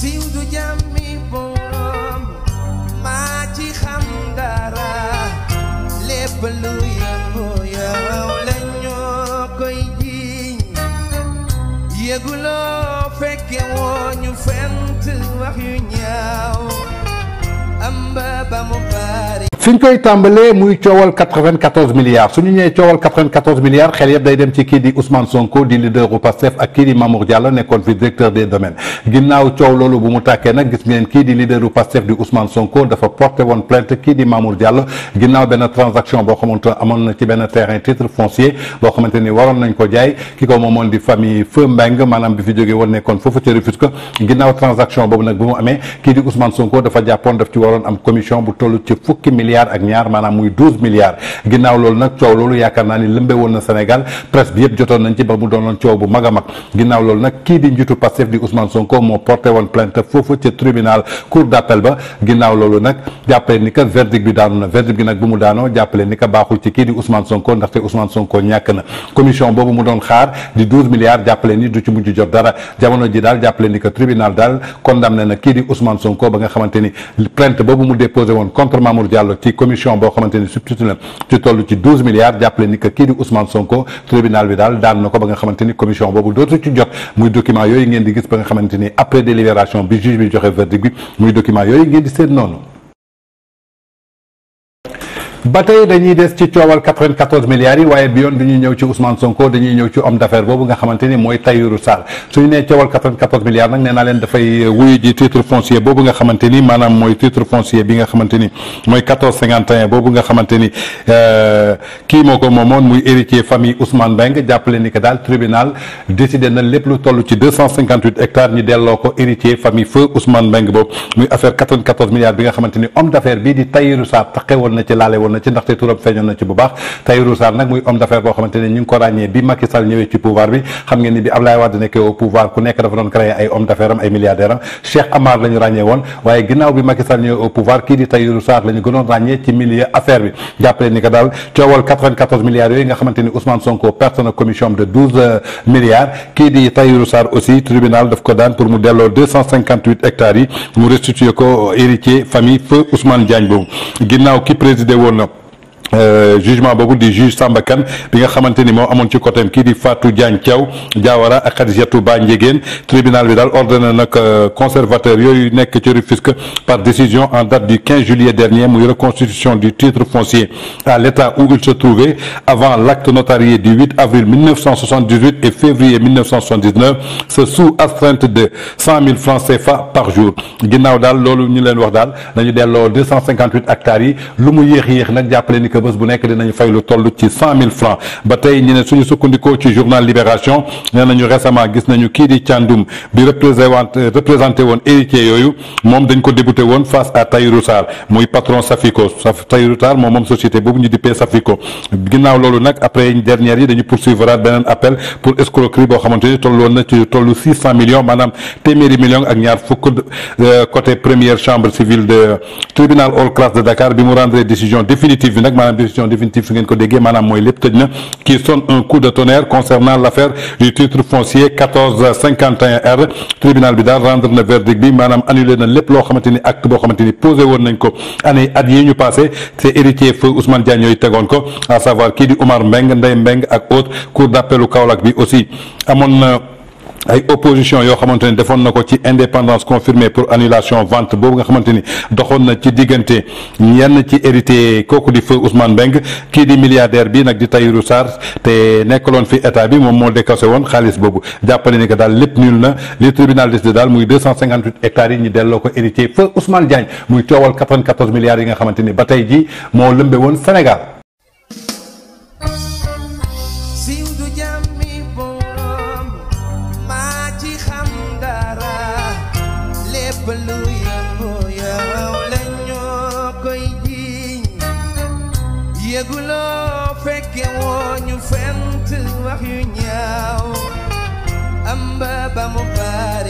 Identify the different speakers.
Speaker 1: siiw du jàmmi borom maa ci xam dara lépp luy
Speaker 2: fi koy tambalé muy ciowal 94 milliards suñu ñu ciowal 94 milliards xel yeb day dem ci kii di Ousmane Sonko di leader du Pastef ak kii di Mamour Diallo directeur des domaines ginnaw coow lolu bu mu také nak gis ngeen kii di leader du Pastef di Ousmane Sonko dafa porté une plainte qui di Mamour Diallo ginnaw ben transaction bo xamante amon na ci ben terrain titre foncier bo xamanteni waron nañ ko jaay kiko momon di famille Feu Mbengue maanaam bi fi jógee woon nekkoon foofu ca Rufisque ginnaaw transaction bobu nak bu mu amé kii di Ousmane Sonko dafa jàppoon daf ci waron am commission bu tollu ci fukki milliards milliards ak ñaar maanaam muy douze milliards ginnaaw loolu nag coow loolu yaakaar naa ni lëmbe woon na Sénégal presse bi yëpp jotoon nañ ci ba mu doonoon coow bu mag a ginnaaw loolu nag kii di njiitu Pastef di Ousmane Sonko moo porté woon plainte foofu ca tribunal cour d'appel ba ginnaaw loolu nag jàppale ni que verdict bi daanu na verdict bi nag bu mu daanoo jàppale ni que baaxul ci kii di Ousmane Sonko ndaxte Ousmane Sonko ñàkk na commission boobu mu doon xaar di ci commission bo xamanteni ci 12 milliards que Ousmane Sonko tribunal bi dal ba commission bobu ci jot muy document yoy ngeen di gis après délibération bi juge bi joxe verdict bi muy document ngeen ba tey dañuy des ci coowal 94 milliards yi waaye bi yoon du ñuy ñëw ci Ousmane Sonko dañuy ñëw ci homme d'affaires boobu nga xamante ni mooy titre foncier boobu nga xamante ni maanaam mooy titre foncier bi nga xamante ni mooy 1451 boobu nga xamante ni euh, kii moo ko moomoon muy héritier famille Ousmane Mbengue jàppale ni que daal tribunal décidé na lépp lu toll ci 258 hectares ñu delloo ko héritier famille feu Ousmane Mbengue boobu muy affaire milliards bi nga xamante homme d'affaires bii di Tahirou Sarr taxewoon na ci laale woon na ci ndaxte turam feeñoon na ci bu baax Tahirou Sarr nak muy homme d'affaires boo xamante ñu ko ràññee bi Macky Sall ñëwé ci pouvoir bi xam ngeen ni bi Abdoulaye Wade nekkee au pouvoir ku nekk dafa doon créer ay homme d'affaires am ay milliardaires Cheikh Amar lañu ñu ràññee waye ginnaw bi Macky Sall ñëwé au pouvoir ki di Tahirou Sarr lañu ñu gënoon ràññee ci milieu affaires bi jàppale ni ka dal coowal 94 milliards yi nga xamante Ousmane Sonko personne commission de 12 euh, milliards ki di Tahirou Sarr aussi tribunal daf ko daan pour mu delloo 258 hectares yi mu restituer ko héritier famille feu Ousmane Diagne boobu ginnaaw ki présidé woon euh, jugement beaucoup di juge Sambakan bi nga xamanteni mo moo ci côté ki di Fatou Diagne Thiaw Diawara ak tribunal bi dal ordonné nag euh, conservateur yoyu nek ci par décision en date du 15 juillet dernier la reconstitution du titre foncier à l'état où il se trouvait avant l'acte notarié du 8 avril 1978 et février 1979 ce sous astreinte de 100 000 francs CFA par jour dal lolu ñu leen wax dal dañu 258 hectares lu mu yex boss bu nekk dinañ fay lu l'autorité ci 100 mille francs bataille n'est ce ne suñu sukkandikoo ci journal Libération nee nañu récemment gis nañu ki di Thiandoum bi représenté représenté woon héritier yoyu mom dañ ko débuté woon face à taille Sarr muy patron Safico Tahirou Sarr mom mom société boum ñu dippee Safico ginnaw lolu nak après dernière yi dañu poursuivre d'un appel pour escroquerie bo xamanteni ni won woon na ci tollu 600 millions manam téeméeri millions ak ñaar euh, côté première chambre civile de tribunal all classe de Dakar bi mu rendre décision définitive nak décision définitive d'un ko déggee maanaam mooy qui sonne un coup de tonnerre concernant l'affaire du titre foncier 1451 R tribunal bi rendre le verdict bi maanaam annulé na lépp loo xamante acte boo xamante posé au nañ ko année à yi ñu passé c'est héritier feu Ousmane Diagne yooyu tegoon à savoir qui du Omar Mbeng Ndeye Mbeng ak autres cour d'appel Kaolack bi aussi mon nom ay opposition yo xamanteni defon nako ci indépendance confirmée pour annulation vente Bobu nga xamanteni doxone na ci diggante yenn ci hérité kooku di feu Ousmane Beng kii di milliardaire bi nak di Tahirou Sarr te nekkaloon fi état bi mom mo décaissé woon xaalis boobu jàppale ni que dal lepp nul na les tribunal décidé dal muy deux cent cinquante hectares yi ñu ko hérité feu Ousmane Diagne muy coowal quatre quatorze milliards yi nga xamanteni ni ba tey jii moo Sénégal
Speaker 1: yëguloo fekke woo ñu fent wax yu ñaaw am ba ba